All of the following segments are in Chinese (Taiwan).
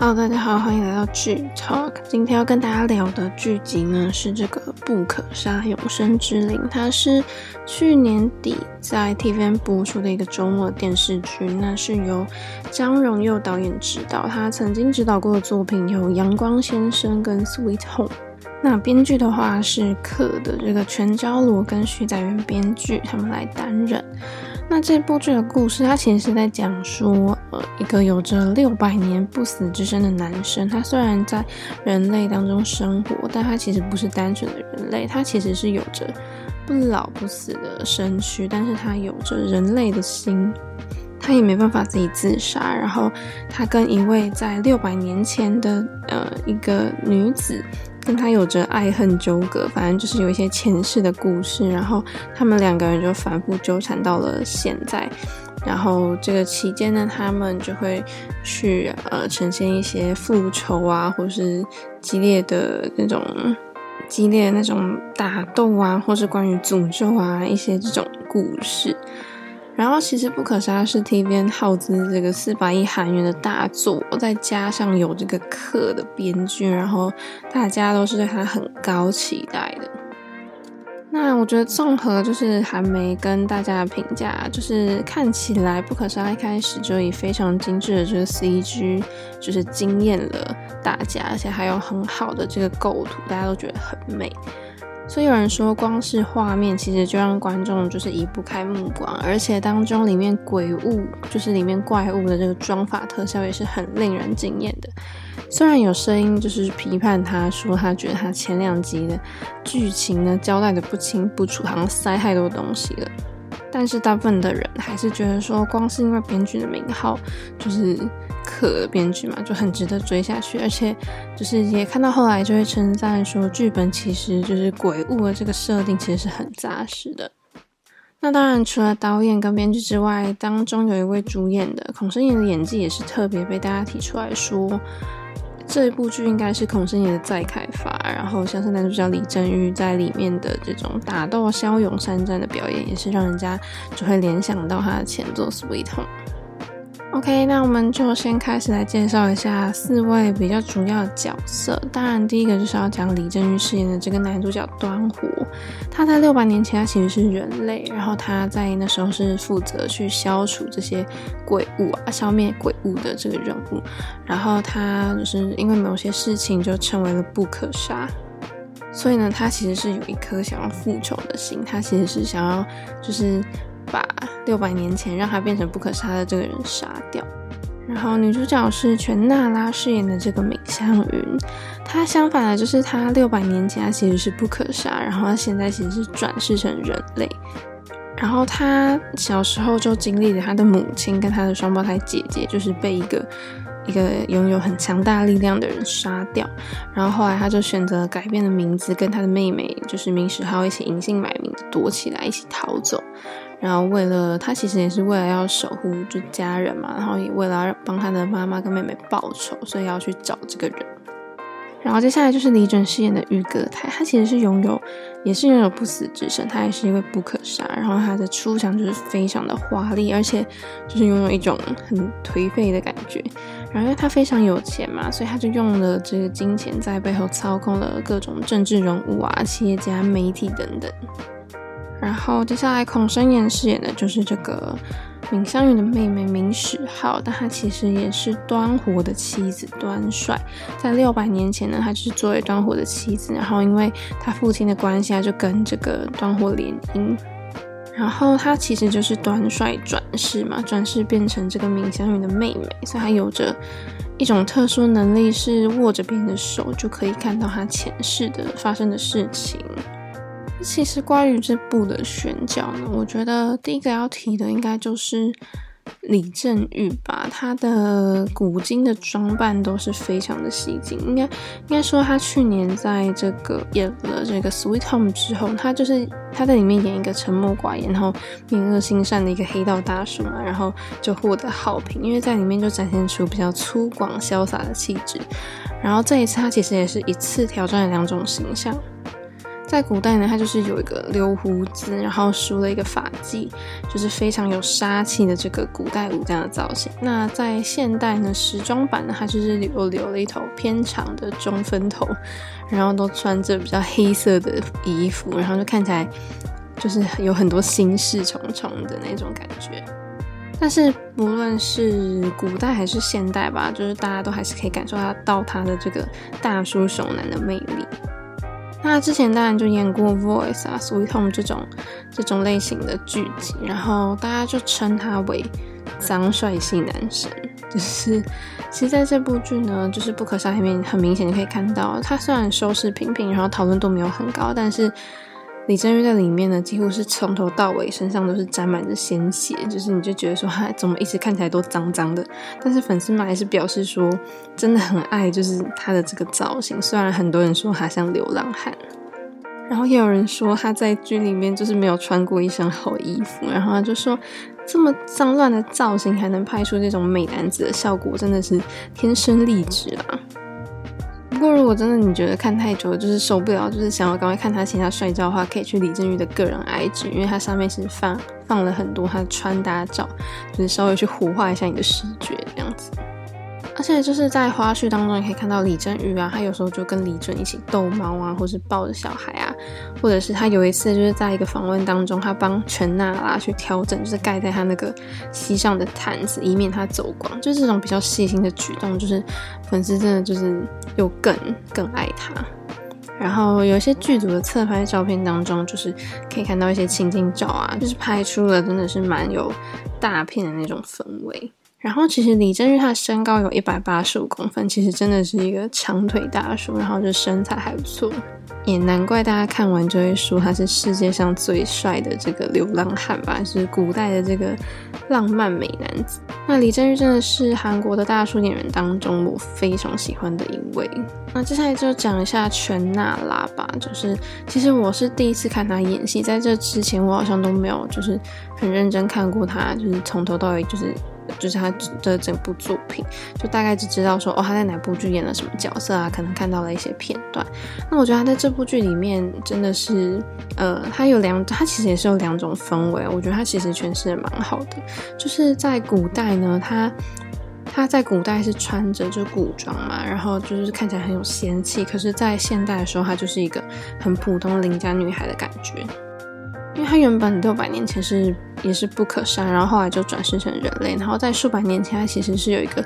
好，Hello，大家好，歡迎來到劇 talk。今天要跟大家聊的劇集呢，是這個《不可殺永生之靈》，它是去年底在 TVN 播出的一個週末電視劇。那是由張榮佑導演指導，他曾經指導過的作品有《陽光先生》跟《Sweet Home》。那編劇的話是刻的這個全昭羅跟徐載元編劇他們來擔任。那這部劇的故事，它其實是在講說，呃，一個有着六百年不死之身的男生，他雖然在人類當中生活，但他其實不是單純的人類，他其實是有着不老不死的身軀，但是他有着人類的心，他也沒辦法自己自殺。然後他跟一位在六百年前的，呃，一個女子。跟他有着愛恨糾葛，反正就是有一些前世的故事，然後他們兩個人就反覆糾纏到了現在，然後這個期間呢，他們就會去呃呈現一些復仇啊，或是激烈的那種激烈那種打鬥啊，或是關於詛咒啊，一些這種故事。然後其實《不可殺》是 T V N 耗資這個四百億韓元的大作，再加上有這個客的編劇，然後大家都是對它很高期待的。那我覺得綜合就是韓媒跟大家的評價，就是看起來《不可殺》一開始就以非常精緻的這個 C G，就是驚豔了大家，而且還有很好的這個構圖，大家都覺得很美。所以有人說，光是畫面其實就讓觀眾就是移不開目光，而且當中裡面鬼物，就是裡面怪物的這個妝髮特效也是很令人驚艷的。雖然有聲音就是批判他說，他覺得他前兩集的劇情呢交代的不清不楚，好像塞太多東西了。但是大部分的人還是覺得說，光是因為編劇的名號，就是可編劇嘛，就很值得追下去。而且就是也看到後來就會稱讚說，劇本其實就是鬼物的這個設定，其實是很紮實的。那當然，除了導演跟編劇之外，當中有一位主演的孔升妍的演技也是特別被大家提出來說，這一部劇應該是孔升妍的再開發。然後，像是男主角李陣郁在裡面的這種打鬥、驍勇善戰的表演，也是讓人家只會聯想到他的前作《Sweet Home》。OK，那我們就先開始來介紹一下四位比較主要的角色。當然，第一個就是要講李陣郁飾演的這個男主角端火。他在六百年前，他其實是人類，然後他在那時候是負責去消除這些鬼物啊，消滅鬼物的這個人物。然後他就是因為某些事情就成為了不可殺，所以呢，他其實是有一顆想要復仇的心。他其實是想要就是。把六百年前讓他變成不可殺的這個人殺掉。然後女主角是權娜拉飾演的這個閔香雲，她相反的就是她六百年前她其實是不可殺，然後她現在其實是轉世成人類。然後她小時候就經歷了她的母親跟她的雙胞胎姐姐，就是被一個一個擁有很強大力量的人殺掉。然後後來她就選擇改變了名字，跟她的妹妹就是閔石浩一起隱姓埋名的躲起來，一起逃走。然後為了他，其實也是為了要守護，就家人嘛。然後也為了要幫他的媽媽跟妹妹報仇，所以要去找這個人。然後接下來就是李準飾演的玉哥泰，他其實是擁有，也是擁有不死之身，他也是因為不可殺。然後他的出場就是非常的華麗，而且就是擁有一種很頹廢的感覺。然後因為他非常有錢嘛，所以他就用了這個金錢在背後操控了各種政治人物啊、企業家、媒體等等。然後接下來，孔升妍飾演的就是這個閔香雲的妹妹閔始浩，但她其實也是端火的妻子端帥。在六百年前呢，她就是作為端火的妻子，然後因為她父親的關係，她就跟這個端火聯姻。然後她其實就是端帥轉世嘛，轉世變成這個閔香雲的妹妹，所以她有着一種特殊能力，是握着別人的手就可以看到她前世的發生的事情。其實關於這部的選角呢，我覺得第一個要提的應該就是李陣郁吧。他的古今的裝扮都是非常的吸睛，應該應該說他去年在這個演了這個 Sweet Home 之後，他就是他在裡面演一個沉默寡言，然後面惡心善的一個黑道大叔嘛，然後就獲得好評，因為在裡面就展現出比較粗獷瀟灑的氣質。然後這一次他其實也是一次挑戰兩種形象。在古代呢，他就是有一個留鬍子，然後梳了一個髮髻，就是非常有殺氣的這個古代武將的造型。那在現代呢，時裝版呢，他就是留留了一頭偏長的中分頭，然後都穿着比較黑色的衣服，然後就看起來就是有很多心事重重的那種感覺。但是不論是古代還是現代吧，就是大家都還是可以感受到他的這個大叔型男的魅力。那之前當然就演過《Voice》啊，《Sweet Home》這種這種類型的劇集，然後大家就稱他為“髒帥系男神”。就是，其實在這部劇呢，就是《不可殺》裡面，很明顯的可以看到，他雖然收視平平，然後討論度沒有很高，但是。李陣郁在裡面呢，幾乎是從頭到尾身上都是沾滿着鮮血，就是你就覺得說，他怎麼一直看起來都髒髒的。但是粉絲們還是表示說，真的很愛，就是他的這個造型。雖然很多人說他像流浪漢，然後也有人說他在劇裡面就是沒有穿過一身好衣服，然後他就說這麼髒亂的造型還能拍出這種美男子的效果，真的是天生麗質啊。不過，如果真的你覺得看太久了，就是受不了，就是想要趕快看他其他帥照的話，可以去李陣郁的個人 IG，因為他上面是放放了很多他的穿搭照，就是稍微去糊化一下你的視覺這樣子。而且就是在花絮當中，你可以看到李陣郁啊，他有時候就跟李準一起逗貓啊，或是抱着小孩啊，或者是他有一次就是在一個訪問當中，他幫權娜拉去調整，就是蓋在他那個膝上的毯子，以免他走光，就是這種比較細心的舉動，就是粉絲真的就是又更更愛他。然後有一些劇組的側拍照片當中，就是可以看到一些情景照啊，就是拍出了真的是蠻有大片的那種氛圍。然後其實李陣郁他身高有一百八十五公分，其實真的是一個長腿大叔，然後就身材還不錯，也難怪大家看完就會說他是世界上最帥的這個流浪漢吧，就是古代的這個浪漫美男子。那李陣郁真的是韓國的大叔演員當中我非常喜歡的一位。那接下來就講一下權娜拉吧，就是其實我是第一次看他演戲，在這之前我好像都沒有就是很認真看過他，就是從頭到尾就是。就是他的整部作品，就大概只知道說哦，他在哪部劇演了什麼角色啊？可能看到了一些片段。那我覺得他在這部劇裡面真的是，呃，他有兩，他其實也是有兩種氛圍。我覺得他其實詮釋的蠻好的，就是在古代呢，他他在古代是穿着就古裝嘛，然後就是看起來很有仙氣。可是，在現代的時候，他就是一個很普通鄰家女孩的感覺。因為他原本六百年前是也是不可殺，然後後來就轉世成人類，然後在數百年前他其實是有一個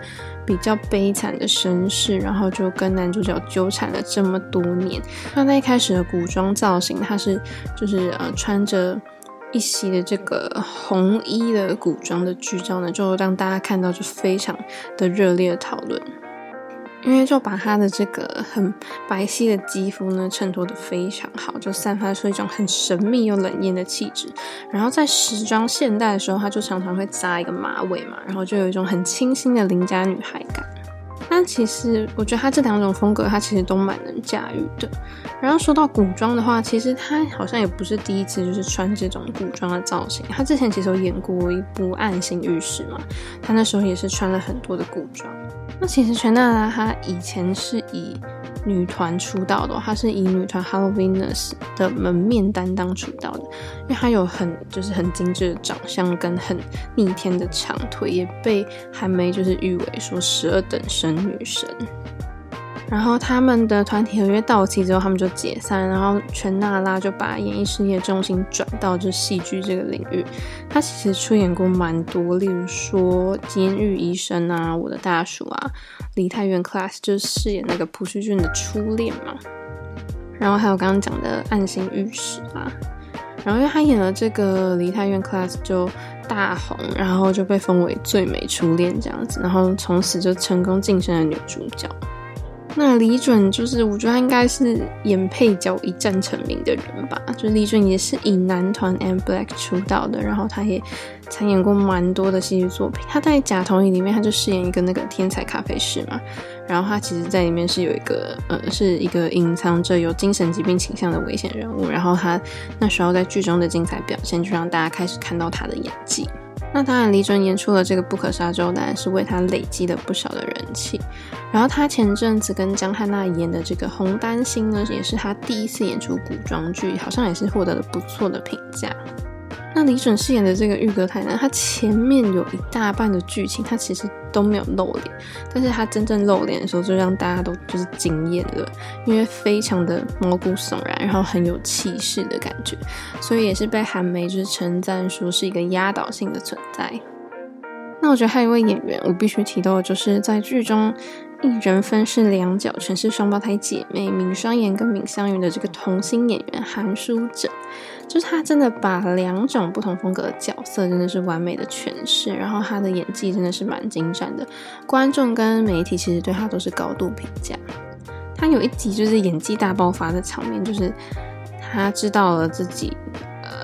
比較悲慘的身世，然後就跟男主角糾纏了這麼多年。那在一開始的古裝造型，他是就是呃穿着一襲的這個紅衣的古裝的劇照呢，就讓大家看到就非常的熱烈的討論。因為就把她的這個很白皙的肌膚呢，襯托得非常好，就散發出一種很神秘又冷艷的氣質。然後在時裝現代的時候，她就常常會扎一個馬尾嘛，然後就有一種很清新的鄰家女孩感。但其實我覺得她這兩種風格，她其實都蠻能駕馭的。然後說到古裝的話，其實她好像也不是第一次就是穿這種古裝的造型。她之前其實有演過一部《暗行御史》嘛，她那時候也是穿了很多的古裝。那其實權娜拉她以前是以女團出道的。哦，她是以女團 Hello Venus 的門面擔當出道的，因為她有很就是很精緻的長相跟很逆天的長腿，也被韓媒就是譽為說十二等生女神。然後他們的團體合約到期之後，他們就解散。然後權娜拉就把演藝事業重心轉到就戲劇這個領域。她其實出演過蠻多，例如說《監獄醫生》啊，《我的大叔》啊，《梨泰院 class》就是飾演那個朴敘俊的初戀嘛。然後還有剛剛講的《暗行御史》啊。然後因為她演了這個《梨泰院 class》就大紅，然後就被封為最美初戀這樣子。然後從此就成功晉升了女主角。那李準就是，我覺得他應該是演配角一戰成名的人吧。就李準也是以男團 MBLAQ 出道的，然後他也參演過蠻多的戲劇作品。他在《甲東伊》裡面，他就飾演一個那個天才咖啡師嘛。然後他其實在裡面是有一個呃，是一個隱藏着有精神疾病傾向的危險人物。然後他那時候在劇中的精彩表現，就讓大家開始看到他的演技。那當然，李准演出了這個《不可殺》之後，當然是為他累積了不少的人氣。然後他前陣子跟姜漢娜演的這個《紅丹心》呢，也是他第一次演出古裝劇，好像也是獲得了不錯的評價。那李準飾演的這個玉乙太呢，他前面有一大半的劇情他其實都沒有露臉，但是他真正露臉的時候就讓大家都就是驚艷了，因為非常的毛骨悚然，然後很有氣勢的感覺，所以也是被韓媒就是稱讚說是一個壓倒性的存在。那我覺得還有一位演員我必須提到的，就是在劇中一人分飾兩角，全是雙胞胎姐妹閔雙妍跟閔相宇的這個童星演員韓書正。就是他真的把兩種不同風格的角色真的是完美的詮釋，然後他的演技真的是蠻精湛的，觀眾跟媒體其實對他都是高度評價。他有一集就是演技大爆發的場面，就是他知道了自己。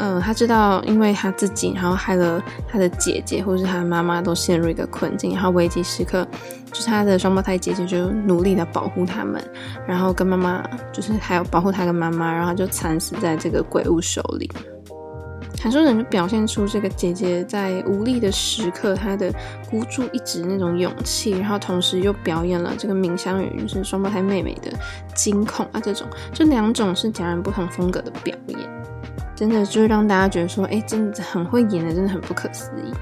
嗯，他知道，因為他自己，然後害了他的姐姐，或者是他的媽媽都陷入一個困境。然後危機時刻，就是他的雙胞胎姐姐就努力的保護他們，然後跟媽媽就是還有保護他跟媽媽，然後就慘死在這個鬼物手裡。韓多人就表現出這個姐姐在無力的時刻她的孤注一擲那種勇氣，然後同時又表演了這個閔香雨就是雙胞胎妹妹的驚恐啊，這種這兩種是截然不同風格的表演。真的就是讓大家覺得說，哎、欸，真的很會演的，真的很不可思議。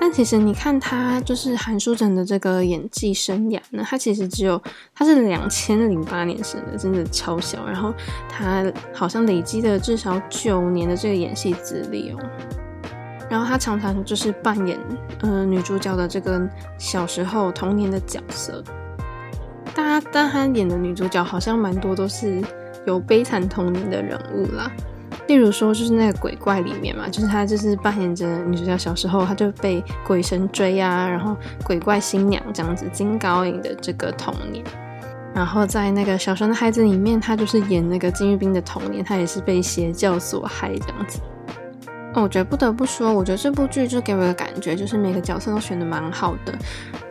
但其實你看他，就是韓書珍的這個演技生涯呢，呢他其實只有他是兩千零八年生的，真的超小。然後他好像累積了至少九年的這個演戲資歷哦。然後他常常就是扮演呃女主角的這個小時候童年的角色。大家但她演的女主角好像蠻多都是有悲慘童年的人物啦。例如說，就是那個鬼怪裡面嘛，就是他就是扮演着女主角，小時候他就被鬼神追啊，然後鬼怪新娘這樣子，金高銀的這個童年。然後在那個《小神的孩子》裡面，他就是演那個金玉彬的童年，他也是被邪教所害這樣子。我覺得不得不說，我覺得這部劇就給我的感覺，就是每個角色都選的蠻好的。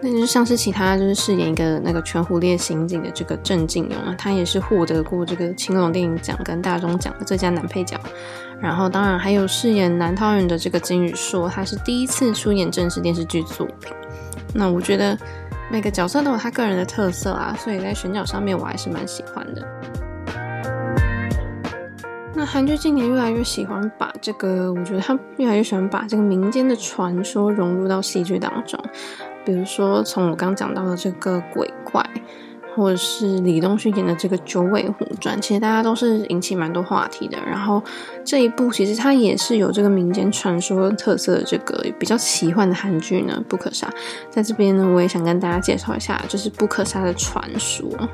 那就是像是其他就是飾演一個那個全虎烈刑警的這個鄭鎮榮啊，他也是獲得過這個青龍電影獎跟大鐘獎的最佳男配角。然後當然還有飾演南道潤的這個金宇碩，他是第一次出演正式電視劇作品。那我覺得每個角色都有他個人的特色啊，所以在選角上面我還是蠻喜歡的。那韓劇近年越來越喜歡把這個，我覺得他越來越喜歡把這個民間的傳說融入到戲劇當中，比如說從我剛講到的這個鬼怪，或者是李東旭演的這個九尾狐傳，其實大家都是引起蠻多話題的。然後這一部其實它也是有這個民間傳說特色的這個比較奇幻的韓劇呢，《不可殺》在這邊呢，我也想跟大家介紹一下，就是《不可殺》的傳說。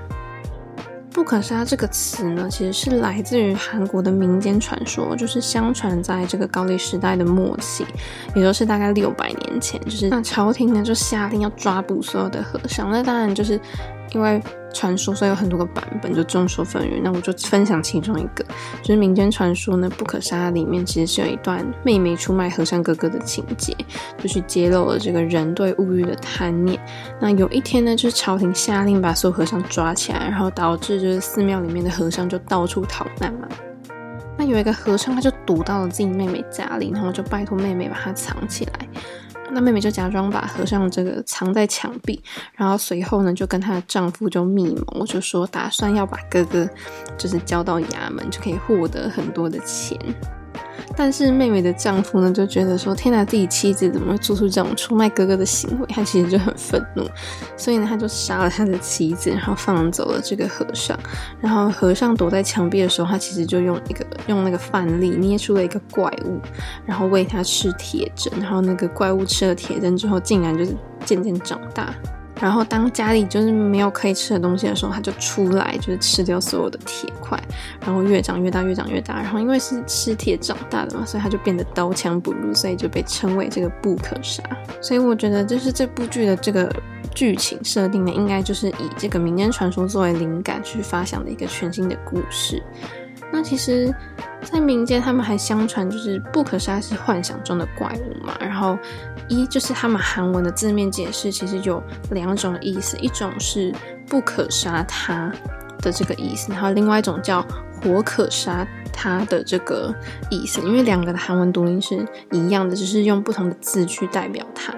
不可殺這個詞呢，其實是來自於韓國的民間傳說，就是相傳在這個高麗時代的末期，也就是大概六百年前，就是那朝廷呢，就下令要抓捕所有的和尚，那當然就是因為。傳說所以有很多個版本，就眾說紛紜。那我就分享其中一個，就是民間傳說呢，不可殺裡面其實是有一段妹妹出賣和尚哥哥的情節，就是揭露了這個人對物欲的貪念。那有一天呢，就是朝廷下令把所有和尚抓起來，然後導致就是寺廟裡面的和尚就到處逃難嘛。那有一個和尚他就躲到了自己妹妹家裡，然後就拜托妹妹把他藏起來。那妹妹就假裝把和尚這個藏在牆壁，然後隨後呢就跟她的丈夫就密謀，就說打算要把哥哥就是交到衙門，就可以獲得很多的錢。但是妹妹的丈夫呢，就覺得說：“天哪，自己妻子怎麼會做出這種出賣哥哥的行為？”他其實就很憤怒，所以呢，他就殺了他的妻子，然後放走了這個和尚。然後和尚躲在牆壁的時候，他其實就用一個用那個飯粒捏出了一個怪物，然後餵他吃鐵針。然後那個怪物吃了鐵針之後，竟然就漸漸長大。然後，當家裡就是沒有可以吃的東西的時候，它就出來，就是吃掉所有的鐵塊。然後越長越大，越長越大。然後因為是吃鐵長大的嘛，所以它就變得刀槍不入，所以就被稱為這個不可殺。所以我覺得，就是這部劇的這個劇情設定呢，應該就是以這個民間傳說作為靈感去發想的一個全新的故事。那其實，在民間他們還相傳，就是不可殺是幻想中的怪物嘛。然後，一就是他們韓文的字面解釋，其實有兩種意思，一種是不可殺他的這個意思，還有另外一種叫火可殺他的這個意思。因為兩個的韓文讀音是一樣的，只、就是用不同的字去代表它。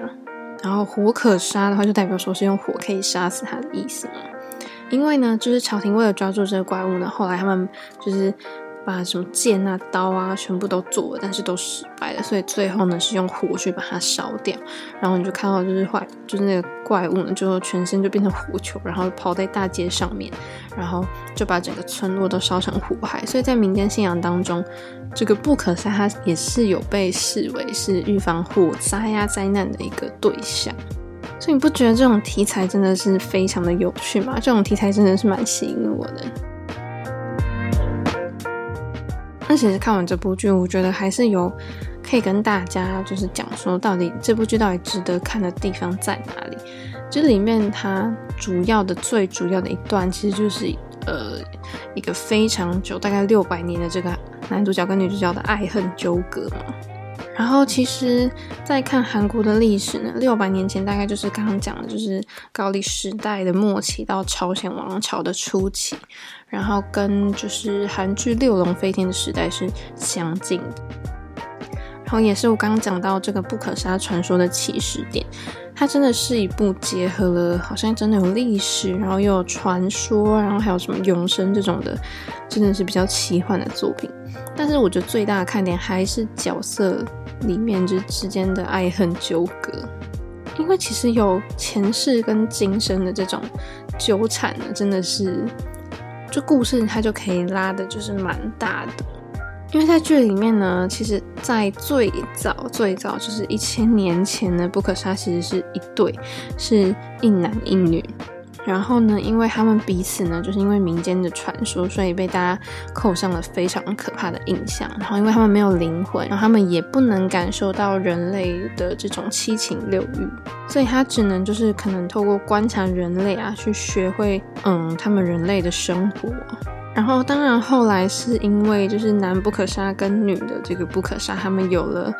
然後火可殺的話，就代表說是用火可以殺死它的意思嘛。因為呢，就是朝廷為了抓住這個怪物呢，後來他們就是把什麼劍啊、刀啊，全部都做了，但是都失敗了。所以最後呢，是用火去把它燒掉。然後你就看到，就是壞，就是那個怪物呢，就全身就變成火球，然後跑在大街上面，然後就把整個村落都燒成火海。所以在民間信仰當中，這個不可殺，它也是有被視為是預防火災啊、災難的一個對象。所以你不覺得這種題材真的是非常的有趣嗎？這種題材真的是蠻吸引我的。那其實看完這部劇，我覺得還是有可以跟大家就是講說，到底這部劇到底值得看的地方在哪裡？就是裡面它主要的、最主要的一段，其實就是呃一個非常久，大概六百年的這個男主角跟女主角的愛恨糾葛嘛。然後其實再看韓國的歷史呢，六百年前大概就是剛剛講的，就是高麗時代的末期到朝鮮王朝的初期，然後跟就是韓劇《六龍飛天》的時代是相近的。然後也是我剛剛講到這個不可殺傳說的起始點，它真的是一部結合了好像真的有歷史，然後又有傳說，然後還有什麼永生這種的，真的是比較奇幻的作品。但是我覺得最大的看點還是角色裡面之之間的愛恨糾葛，因為其實有前世跟今生的這種糾纏呢，真的是就故事它就可以拉的就是蠻大的。因為在劇裡面呢，其實，在最早最早就是一千年前呢，不可殺，其實是一對，是一男一女。然後呢，因為他們彼此呢，就是因為民間的傳說，所以被大家扣上了非常可怕的印象。然後，因為他們沒有靈魂，然後他們也不能感受到人類的這種七情六欲，所以他只能就是可能透過觀察人類啊，去學會，嗯，他們人類的生活。然後，當然後來是因為就是男不可殺跟女的這個不可殺，他們有了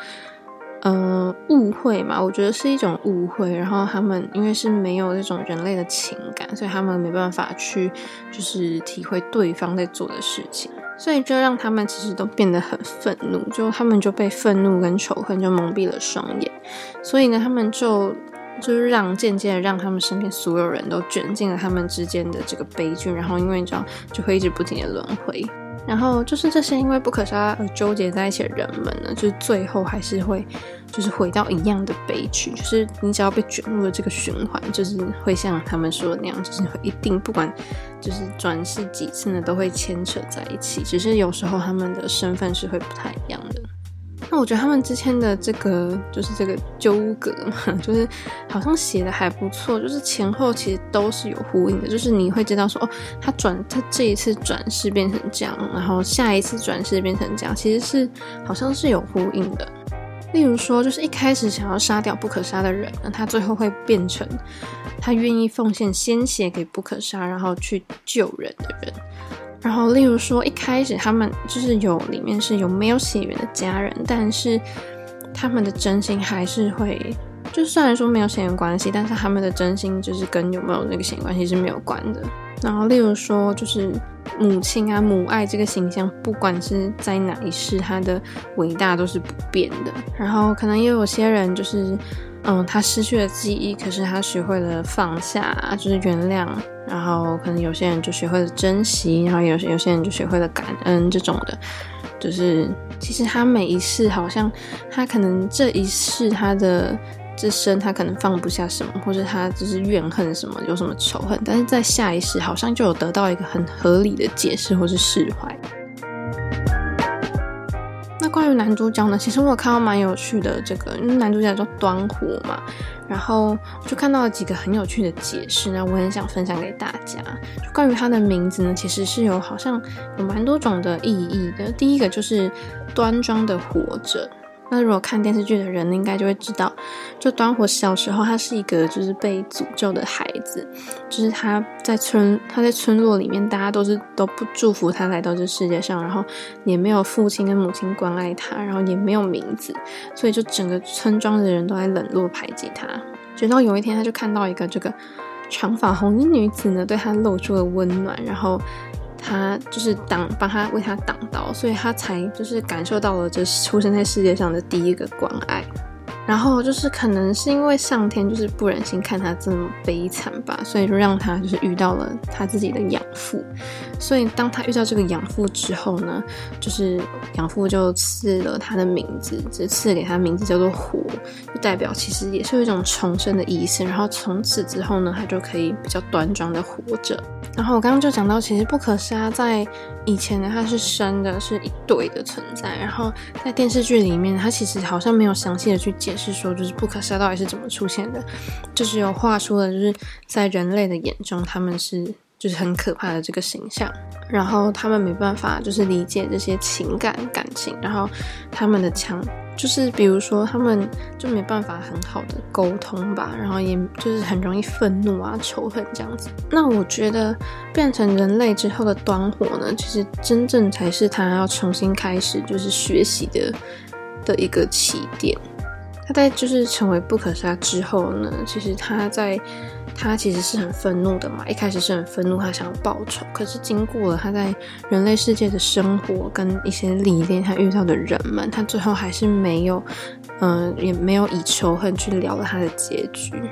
呃誤會嘛，我覺得是一種誤會。然後他們因為是沒有那種人類的情感，所以他們沒辦法去就是體會對方在做的事情，所以就讓他們其實都變得很憤怒，就他們就被憤怒跟仇恨就蒙蔽了雙眼，所以呢，他們就。就是讓漸漸的讓他們身邊所有人都捲進了他們之間的這個悲劇，然後因為你知道，就會一直不停的輪回。然後就是這些因為不可殺而糾結在一起的人們呢，就是最後還是會就是回到一樣的悲劇。就是你只要被捲入了這個循環，就是會像他們說的那樣，就是會一定不管就是轉世幾次呢，都會牽扯在一起。只是有時候他們的身份是會不太一樣的。那我覺得他們之前的這個就是這個糾葛嘛，就是好像寫的還不錯，就是前後其實都是有呼應的，就是你會知道說哦，他轉他這一次轉世變成這樣，然後下一次轉世變成這樣，其實是好像是有呼應的。例如說，就是一開始想要殺掉不可殺的人，那他最後會變成他願意奉獻鮮血給不可殺，然後去救人的人。然後，例如說，一開始他們就是有裡面是有沒有血緣的家人，但是他們的真心還是會，就雖然說沒有血緣關係，但是他們的真心就是跟有沒有那個血緣關係是沒有關的。然後，例如說，就是母親啊，母愛這個形象，不管是在哪一世，她的偉大都是不變的。然後，可能也有些人就是。嗯，他失去了記憶，可是他學會了放下，就是原諒。然後可能有些人就學會了珍惜，然後有有些人就學會了感恩這種的。就是其實他每一世好像，他可能這一世他的自身他可能放不下什麼，或者他就是怨恨什麼，有什麼仇恨。但是在下一世好像就有得到一個很合理的解釋，或是釋懷。關於男主角呢，其實我有看到蠻有趣的這個，因為男主角叫檀活嘛，然後就看到了幾個很有趣的解釋，那我很想分享給大家，就關於他的名字呢，其實是有好像有蠻多種的意義的。第一個就是端莊的活着。那如果看電視劇的人應該就會知道，就端火小時候他是一個就是被詛咒的孩子，就是他在村他在村落裡面，大家都是都不祝福他來到這個世界上，然後也沒有父親跟母親關愛他，然後也沒有名字，所以就整個村莊的人都在冷落排擠他。直到有一天，他就看到一個這個長髮紅衣女子呢，對他露出了溫暖，然後。他就是擋，幫他為他擋刀，所以他才就是感受到了，就是出生在世界上的第一個關愛。然後就是可能是因為上天就是不忍心看他這麼悲慘吧，所以就讓他就是遇到了他自己的養父。所以當他遇到這個養父之後呢，就是養父就賜了他的名字，只賜給他名字叫做“活”，就代表其實也是一種重生的意思。然後從此之後呢，他就可以比較端莊的活着。然後我剛剛就講到，其實不可殺在以前呢，他是生的是一對的存在，然後在電視劇裡面，他其實好像沒有詳細的去講，是說，就是不可殺到底是怎麼出現的？就是有畫出了，就是在人類的眼中，他們是就是很可怕的這個形象。然後他們沒辦法，就是理解這些情感感情。然後他們的強，就是比如說他們就沒辦法很好的溝通吧。然後也就是很容易憤怒啊、仇恨這樣子。那我覺得變成人類之後的檀活呢，其實真正才是他要重新開始，就是學習的的一個起點。他在就是成為不可殺之後呢，其實他在，他其實是很憤怒的嘛。一開始是很憤怒，他想要報仇。可是經過了他在人類世界的生活跟一些歷練，他遇到的人們，他最後還是沒有，嗯、呃，也沒有以仇恨去聊了他的結局。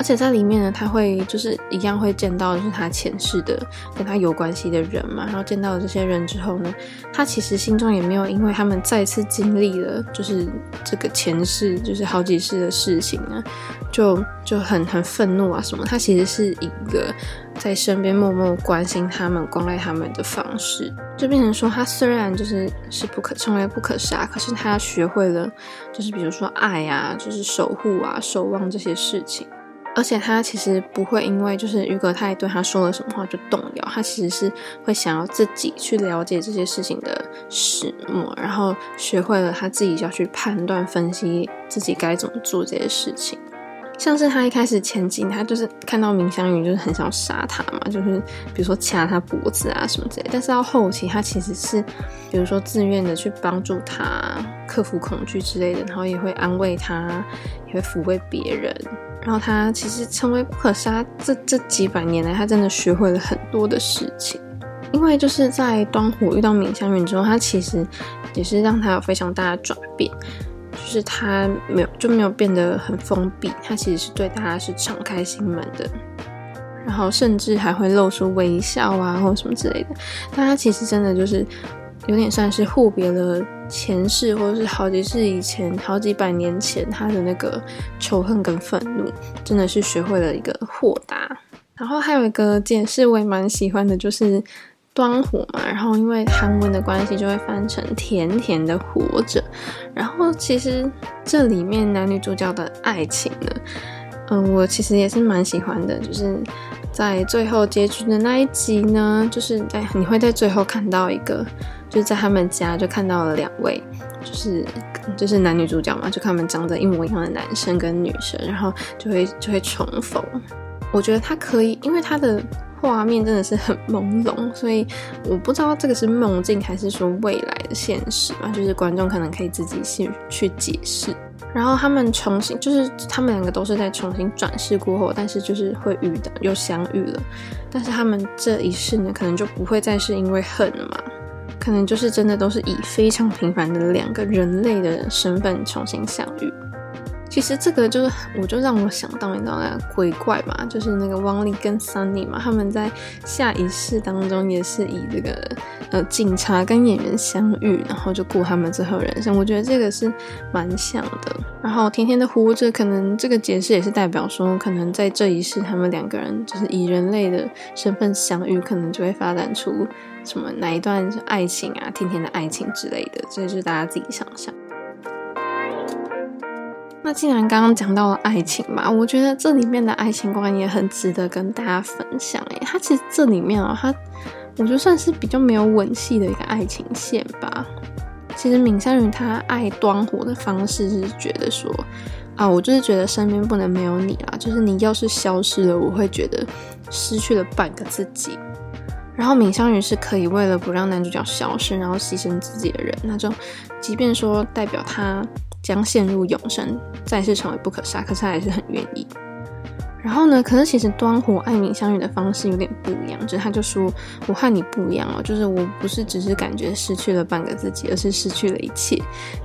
而且在裡面呢，他會就是一樣會見到就是他前世的、跟他有關係的人嘛。然後見到這些人之後呢，他其實心中也沒有因為他們再次經歷了就是這個前世就是好幾世的事情啊，就就很很憤怒啊什麼。他其實是一個在身邊默默關心他們、關愛他們的方式，就變成說他雖然就是是不可稱為不可殺，可是他學會了就是比如說愛啊，就是守護啊、守望這些事情。而且他其實不會因為就是於哥太對他說了什麼話就動搖，他其實是會想要自己去了解這些事情的始末，然後學會了他自己要去判斷、分析自己該怎麼做這些事情。像是他一開始前進，他就是看到明香云就是很想殺他嘛，就是比如說掐他脖子啊什麼之類的。但是到後期，他其實是比如說自願的去幫助他克服恐懼之類的，然後也會安慰他，也會撫慰別人。然後他其實成為不可殺這這幾百年來，他真的學會了很多的事情。因為就是在端火遇到明香云之後，他其實也是讓他有非常大的轉變。就是他沒有就沒有變得很封閉，他其實是對大家是敞開心門的，然後甚至還會露出微笑啊，或什麼之類的。但他其實真的就是有點算是互別了前世，或者是好幾世以前，好幾百年前他的那個仇恨跟憤怒，真的是學會了一個豁達。然後還有一個解釋我也蠻喜歡的，就是。裝火嘛，然後因為韓文的關係，就會翻成《甜甜的活着》。然後其實這裡面男女主角的愛情呢，嗯、呃，我其實也是蠻喜歡的。就是在最後結局的那一集呢，就是在、哎、你會在最後看到一個，就是在他們家就看到了兩位，就是就是男女主角嘛，就他們長得一模一樣的男生跟女生，然後就會就會重逢。我覺得他可以，因為他的。畫面真的是很朦朧，所以我不知道這個是夢境還是說未來的現實嘛，就是觀眾可能可以自己去去解釋。然後他們重新，就是他們兩個都是在重新轉世過後，但是就是會遇到，又相遇了。但是他們這一世呢，可能就不會再是因為恨了嘛，可能就是真的都是以非常平凡的兩個人類的身份重新相遇。其實這個就是，我就讓我想到一知道嗎，鬼怪吧，就是那個汪麗跟 Sunny 嘛，他們在下一世當中也是以這個呃警察跟演員相遇，然後就過他們之後人生。我覺得這個是蠻像的。然後甜甜的活着，可能這個解釋也是代表說，可能在這一世他們兩個人就是以人類的身份相遇，可能就會發展出什麼哪一段愛情啊，甜甜的愛情之類的。這以就,就是大家自己想像。那既然剛剛講到了愛情嘛，我覺得這裡面的愛情觀也很值得跟大家分享誒，他其實這裡面哦、啊，他我覺得算是比較沒有吻戲的一個愛情線吧。其實閔香雲他愛端火的方式是覺得說，啊，我就是覺得身邊不能沒有你啊，就是你要是消失了，我會覺得失去了半個自己。然後閔香雲是可以為了不讓男主角消失，然後犧牲自己的人，那就即便說代表他。將陷入永生，再次成為不可殺，可是他還是很願意。然後呢？可是其實檀活愛閔相雲的方式有點不一樣，就是他就說：“我和你不一樣哦，就是我不是只是感覺失去了半個自己，而是失去了一切。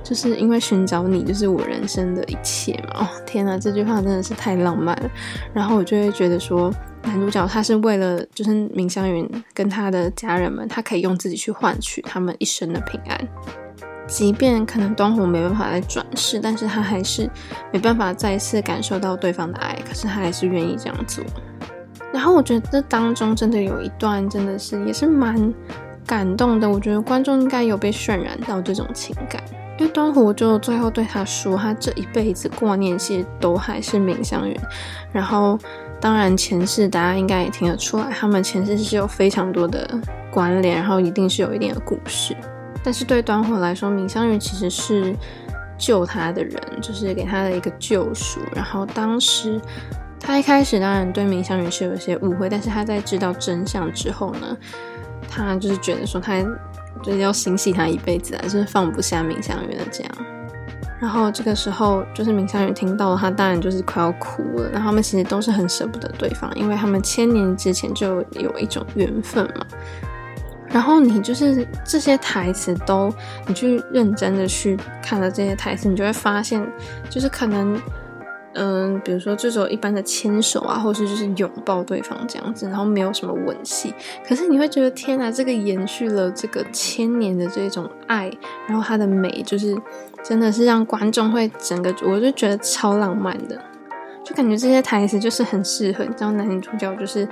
就是因為尋找你，就是我人生的一切嘛。哦”天哪，這句話真的是太浪漫了。然後我就會覺得說，男主角他是為了就是閔相雲跟他的家人們，他可以用自己去換取他們一生的平安。即便可能檀活沒辦法再轉世，但是他還是沒辦法再次感受到對方的愛，可是他還是願意這樣做。然後我覺得這當中真的有一段真的是也是蠻感動的，我覺得觀眾應該有被渲染到這種情感，因為檀活就最後對他說，他這一輩子掛念其實都還是閔尚雲。然後當然前世大家應該也聽得出來，他們前世是有非常多的關聯，然後一定是有一定的故事。但是對檀活來說，明香云其實是救他的人，就是給他的一個救贖。然後當時他一開始當然對明香云是有一些誤會，但是他在知道真相之後呢，他就是覺得說他就是要心繫他一輩子啊，就是放不下明香云的這樣。然後這個時候就是明香云聽到了他，當然就是快要哭了。然後他們其實都是很捨不得對方，因為他們千年之前就有一種緣分嘛。然後你就是這些台詞都，你去認真的去看了這些台詞，你就會發現，就是可能，嗯、呃，比如說這種一般的牽手啊，或是就是擁抱對方這樣子，然後沒有什麼吻戲，可是你會覺得天啊，這個延續了這個千年的這種愛，然後它的美就是真的是讓觀眾會整個，我就覺得超浪漫的，就感覺這些台詞就是很適合，你知道男女主角就是。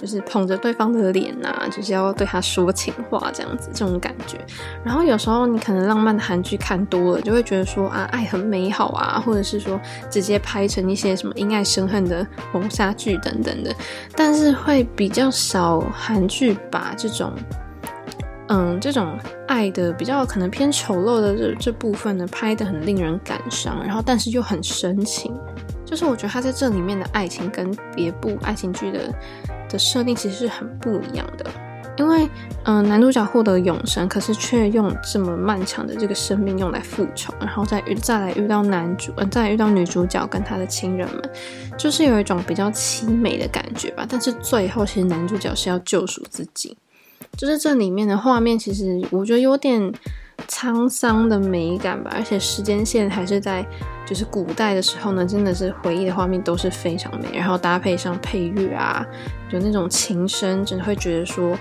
就是捧着對方的臉吶、啊，就是要對他說情話這樣子，這種感覺。然後有時候你可能浪漫的韓劇看多了，就會覺得說啊，愛很美好啊，或者是說直接拍成一些什麼因愛生恨的謀殺劇等等的。但是會比較少韓劇把這種，嗯，這種愛的比較可能偏醜陋的這這部分呢，拍得很令人感傷。然後但是又很深情，就是我覺得他在這裡面的愛情跟別部愛情劇的。的設定其實是很不一樣的，因為嗯、呃，男主角獲得永生，可是卻用這麼漫長的這個生命用來復仇，然後再遇再來遇到男主、呃，再來遇到女主角跟他的親人們，就是有一種比較淒美的感覺吧。但是最後，其實男主角是要救贖自己，就是這裡面的畫面，其實我覺得有點。滄桑的美感吧，而且時間線還是在就是古代的時候呢，真的是回憶的畫面都是非常美，然後搭配上配樂啊，有那種琴聲，真的會覺得說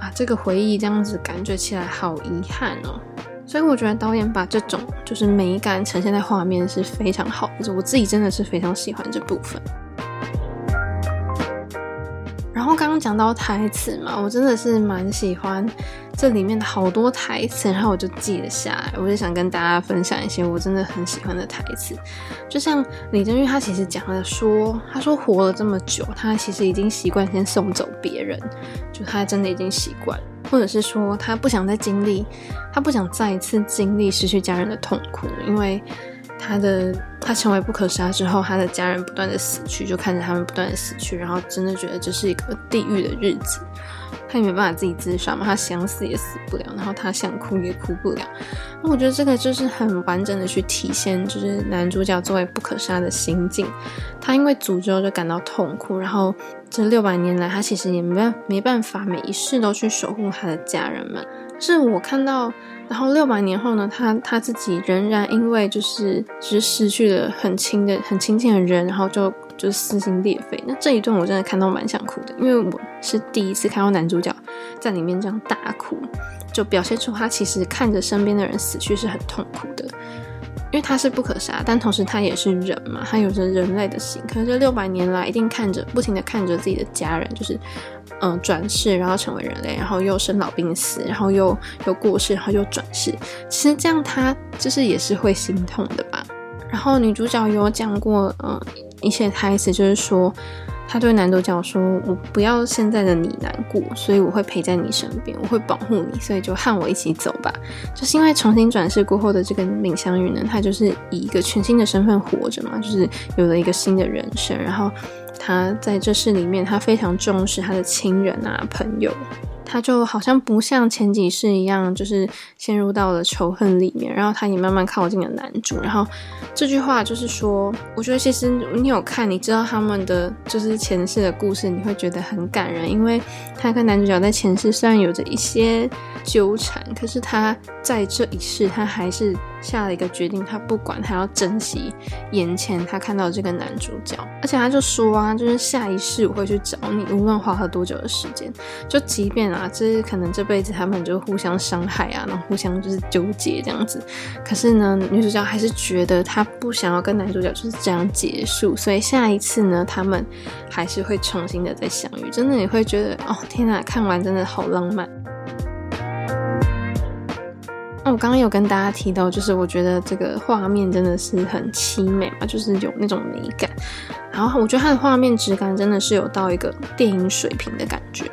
啊，這個回憶這樣子感覺起來好遺憾哦。所以我覺得導演把這種就是美感呈現在畫面是非常好的，就是我自己真的是非常喜歡這部分。然後剛剛講到台詞嘛，我真的是蠻喜歡這裡面的好多台詞，然後我就記了下來，我就想跟大家分享一些我真的很喜歡的台詞。就像李陣郁他其實講了說，他說活了這麼久，他其實已經習慣先送走別人，就他真的已經習慣，或者是說他不想再經歷，他不想再一次經歷失去家人的痛苦，因為。他的他成為不可殺之後，他的家人不斷的死去，就看着他們不斷的死去，然後真的覺得這是一個地獄的日子。他也沒辦法自己自殺嘛，他想死也死不了，然後他想哭也哭不了。那我覺得這個就是很完整的去體現，就是男主角作為不可殺的心境。他因為詛咒就感到痛苦，然後這六百年來，他其實也沒沒辦法每一世都去守護他的家人們。但是我看到。然後六百年後呢，他他自己仍然因為就是只是失去了很親的很親近的人，然後就就撕心裂肺。那這一段我真的看到蠻想哭的，因為我是第一次看到男主角在裡面這樣大哭，就表現出他其實看着身邊的人死去是很痛苦的。因為他是不可殺，但同時他也是人嘛，他有着人類的心。可是這六百年來，一定看着不停的看着自己的家人，就是，嗯、呃，轉世，然後成為人類，然後又生老病死，然後又又過世，然後又轉世。其實這樣他，他就是也是會心痛的吧。然後女主角有講過，嗯、呃，一些台詞就是說。他對男主角說：“我不要現在的你難過，所以我會陪在你身邊，我會保護你，所以就和我一起走吧。”就是因為重新轉世過後的這個閔香雲呢，她就是以一個全新的身份活着嘛，就是有了一個新的人生。然後她在這世裡面，她非常重視她的親人啊、朋友。他就好像不像前幾世一樣，就是陷入到了仇恨裡面，然後他也慢慢靠近了男主。然後這句話就是說，我覺得其實你有看，你知道他們的就是前世的故事，你會覺得很感人，因為他跟男主角在前世雖然有着一些糾纏，可是他在這一世他還是下了一個決定，他不管他要珍惜眼前他看到的這個男主角，而且他就說啊，就是下一世我會去找你，無論花了多久的時間，就即便啊。啊，這、就是可能這輩子他們就互相傷害啊，然後互相就是糾結這樣子。可是呢，女主角還是覺得她不想要跟男主角就是這樣結束，所以下一次呢，他們還是會重新的再相遇。真的你會覺得，哦天哪、啊，看完真的好浪漫。那、啊、我剛剛有跟大家提到，就是我覺得這個畫面真的是很淒美嘛，就是有那種美感。然後我覺得它的畫面質感真的是有到一個電影水平的感覺。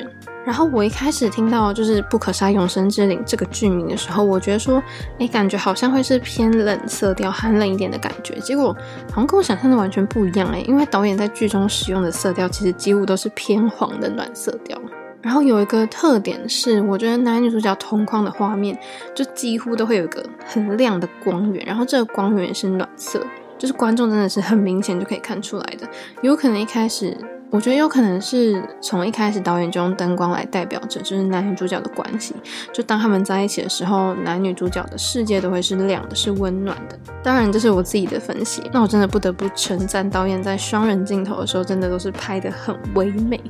然後我一開始聽到就是《不可殺永生之靈》這個劇名的時候，我覺得說，哎，感覺好像會是偏冷色調、寒冷一點的感覺。結果好像跟我想象的完全不一樣，哎，因為導演在劇中使用的色調其實幾乎都是偏黃的暖色調。然後有一個特點是，我覺得男女主角同框的畫面，就幾乎都會有一個很亮的光源，然後這個光源是暖色。就是觀眾真的是很明顯就可以看出來的，有可能一開始，我覺得有可能是從一開始導演就用燈光來代表着就是男女主角的關係，就當他們在一起的時候，男女主角的世界都會是亮的，是溫暖的。當然這是我自己的分析，那我真的不得不稱讚導演在雙人鏡頭的時候，真的都是拍的很唯美。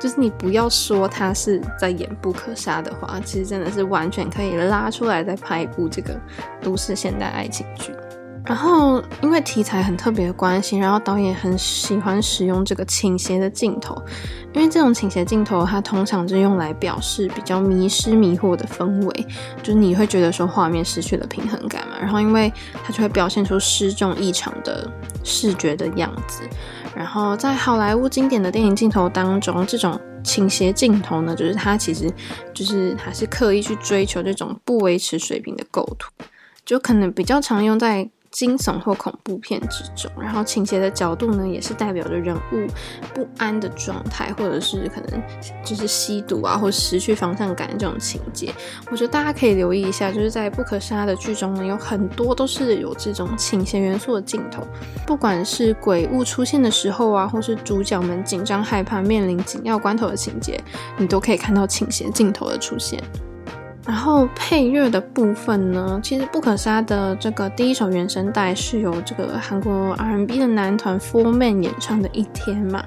就是你不要說他是在演不可殺的話，其實真的是完全可以拉出來再拍一部這個都市現代愛情劇。然後，因為題材很特別的關係，然後導演很喜歡使用這個傾斜的鏡頭，因為這種傾斜鏡頭，它通常是用來表示比較迷失、迷惑的氛圍，就是你會覺得說畫面失去了平衡感嘛。然後，因為它就會表現出失重、異常的視覺的樣子。然後，在好萊塢經典的電影鏡頭當中，這種傾斜鏡頭呢，就是它其實就是還是刻意去追求這種不維持水平的構圖，就可能比較常用在。驚悚或恐怖片之中，然後傾斜的角度呢，也是代表着人物不安的狀態，或者是可能就是吸毒啊，或失去方向感這種情節。我覺得大家可以留意一下，就是在《不可殺》的劇中呢，有很多都是有這種傾斜元素的鏡頭，不管是鬼物出現的時候啊，或是主角們緊張害怕、面臨緊要關頭的情節，你都可以看到傾斜鏡頭的出現。然後配樂的部分呢，其實《不可殺》的這個第一首原聲帶是由這個韓國 R&B 的男團 Fourman 演唱的《一天》嘛。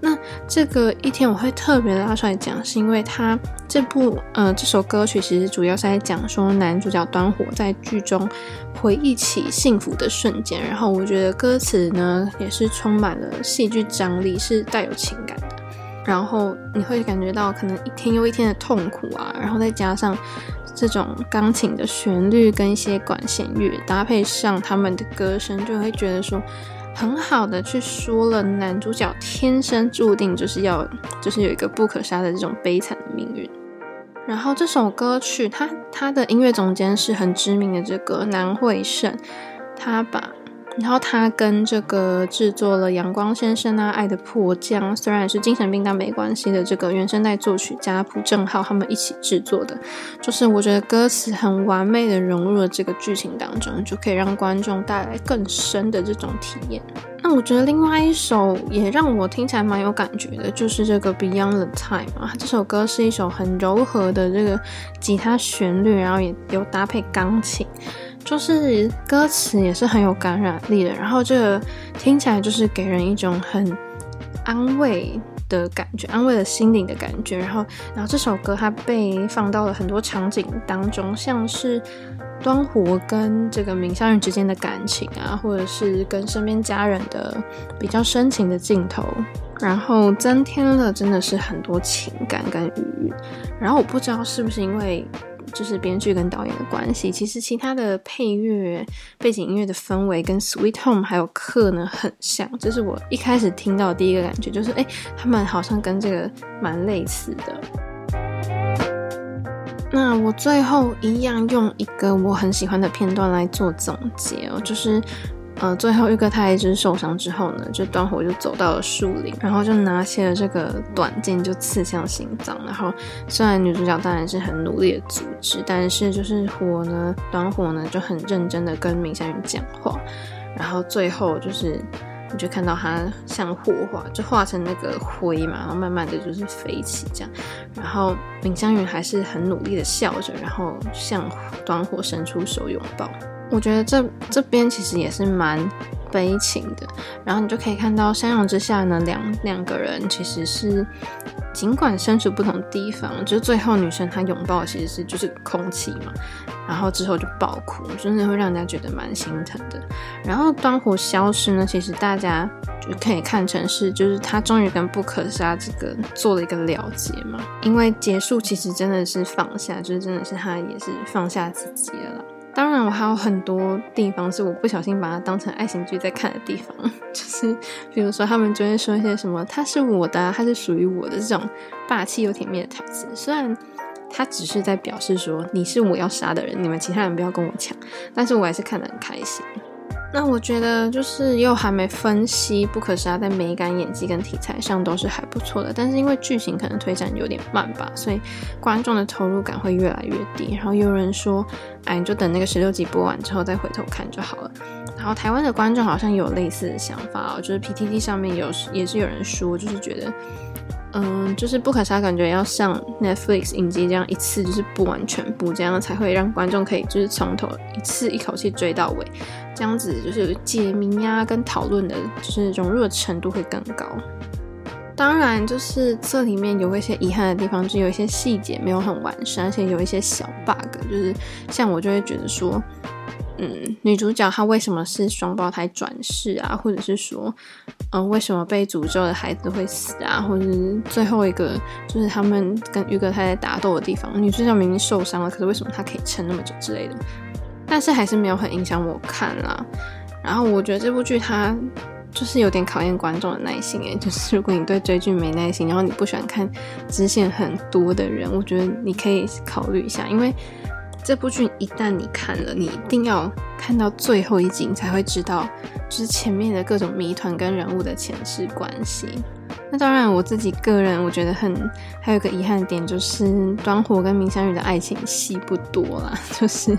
那這個《一天》我會特別拉出來講，是因為他這部呃這首歌曲其實主要是在講說男主角端火在劇中回憶起幸福的瞬間，然後我覺得歌詞呢也是充滿了戲劇張力，是帶有情感。然後你會感覺到可能一天又一天的痛苦啊，然後再加上這種鋼琴的旋律跟一些管弦樂搭配上他們的歌聲，就會覺得說很好的去說了男主角天生注定就是要，就是有一個不可殺的這種悲慘的命運。然後這首歌曲，他他的音樂總監是很知名的這個南惠勝，他把。然後他跟這個製作了《陽光先生》啊、《愛的迫降》、雖然是精神病，但沒關係的這個原聲帶作曲家朴正浩他們一起製作的，就是我覺得歌詞很完美的融入了這個劇情當中，就可以讓觀眾帶來更深的這種體驗。那我覺得另外一首也讓我聽起來蠻有感覺的，就是這個《Beyond the Time》啊，這首歌是一首很柔和的這個吉他旋律，然後也有搭配鋼琴。就是歌詞也是很有感染力的，然後這個聽起來就是給人一種很安慰的感覺，安慰的心靈的感覺。然後，然後這首歌它被放到了很多場景當中，像是檀活跟這個閔尚雲之間的感情啊，或者是跟身邊家人的比較深情的鏡頭，然後增添了真的是很多情感跟愉悅。然後我不知道是不是因為。就是編劇跟導演的關係，其實其他的配樂、背景音樂的氛圍跟《Sweet Home》還有《課》呢很像，這是我一開始聽到的第一個感覺，就是哎、欸，他們好像跟這個蠻類似的。那我最後一樣用一個我很喜歡的片段來做總結哦、喔，就是。呃，最後一個他一只受傷之後呢，就檀活就走到了樹林，然後就拿起了這個短劍就刺向心臟。然後雖然女主角當然是很努力的阻止，但是就是火呢，檀活呢就很認真的跟閔尚雲講話。然後最後就是你就看到他像火化，就化成那個灰嘛，然後慢慢的就是飛起這樣。然後閔尚雲還是很努力的笑着，然後向火檀活伸出手擁抱。我覺得這這邊其實也是蠻悲情的，然後你就可以看到相擁之下呢，兩兩個人其實是儘管身處不同地方，就最後女生她擁抱其實是就是空氣嘛，然後之後就爆哭，真的會讓人家覺得蠻心疼的。然後端火消失呢，其實大家就可以看成是就是他終於跟不可殺這個做了一個了結嘛，因為結束其實真的是放下，就是真的是他也是放下自己了。當然，我還有很多地方是我不小心把它當成愛情劇在看的地方，就是比如說他們就會說一些什麼“他是我的、啊，他是屬於我的”這種霸氣又甜蜜的台詞，雖然他只是在表示說“你是我要殺的人，你們其他人不要跟我搶”，但是我還是看得很開心。那我覺得就是又還沒分析，不可殺在美感、演技、跟題材上都是還不錯的，但是因為劇情可能推展，有點慢吧，所以觀眾的投入感會越來越低。然後又有人說，哎，你就等那個十六集播完之後再回頭看就好了。然後台灣的觀眾好像有類似的想法哦，就是 PTT 上面有也是有人說，就是覺得，嗯、呃，就是不可殺感覺要像 Netflix 影集這樣一次就是播完全部，這樣才會讓觀眾可以就是從頭一次一口氣追到尾。這樣子就是有解謎呀、啊，跟討論的，就是融入的程度會更高。當然，就是這裡面有一些遺憾的地方，就有一些細節沒有很完善，而且有一些小 bug，就是像我就會覺得說，嗯，女主角她為什麼是雙胞胎轉世啊？或者是說，嗯、呃，為什麼被詛咒的孩子會死啊？或者是最後一個就是他們跟玉哥他在打鬥的地方，女主角明明受傷了，可是為什麼她可以撐那麼久之類的？但是還是沒有很影響我看啦，然後我覺得這部劇它就是有點考驗觀眾的耐心誒，就是如果你對追劇沒耐心，然後你不喜歡看支線很多的人，我覺得你可以考慮一下，因為這部劇一旦你看了，你一定要看到最後一集你才會知道，就是前面的各種謎團跟人物的前世關係。那當然，我自己個人我覺得很，還有一個遺憾點就是，檀活跟閔尚雲的愛情戲不多啦，就是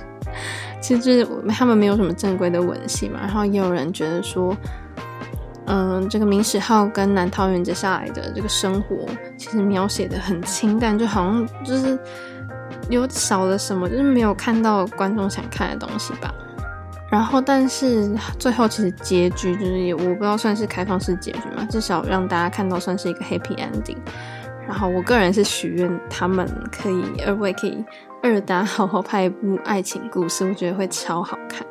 其實、就是、他們沒有什麼正規的吻戲嘛。然後也有人覺得說，嗯、呃，這個閔詩浩跟南桃園接下來的這個生活，其實描寫的很清淡，就好像就是有少了什麼，就是沒有看到觀眾想看的東西吧。然後，但是最後其實結局就是，我不知道算是開放式結局嘛，至少讓大家看到算是一個 happy ending。然後我個人是許願他們可以二位可以二搭好好拍一部愛情故事，我覺得會超好看。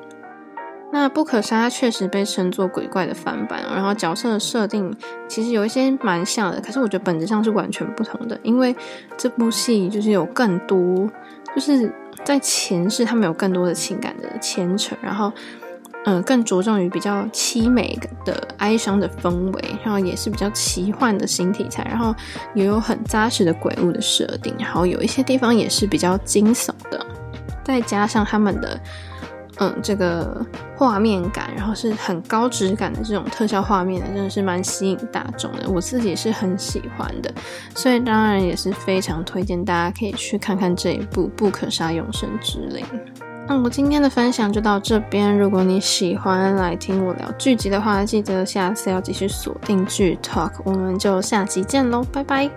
那《不可殺》確實被稱作鬼怪的翻版，然後角色的設定其實有一些蠻像的，可是我覺得本質上是完全不同的，因為這部戲就是有更多就是。在前世，他們有更多的情感的牽扯，然後、嗯、呃，更着重於比較淒美的哀傷的氛圍，然後也是比較奇幻的新題材，然後也有很紮實的鬼物的設定，然後有一些地方也是比較驚悚的，再加上他們的。嗯，這個畫面感，然後是很高質感的這種特效畫面，真的是蠻吸引大眾的。我自己是很喜歡的，所以當然也是非常推薦大家可以去看看這一部《不可殺永生之靈》。那我今天的分享就到這邊，如果你喜歡來聽我聊劇集的話，記得下次要繼續鎖定劇 Talk，我們就下期見嘍，拜拜。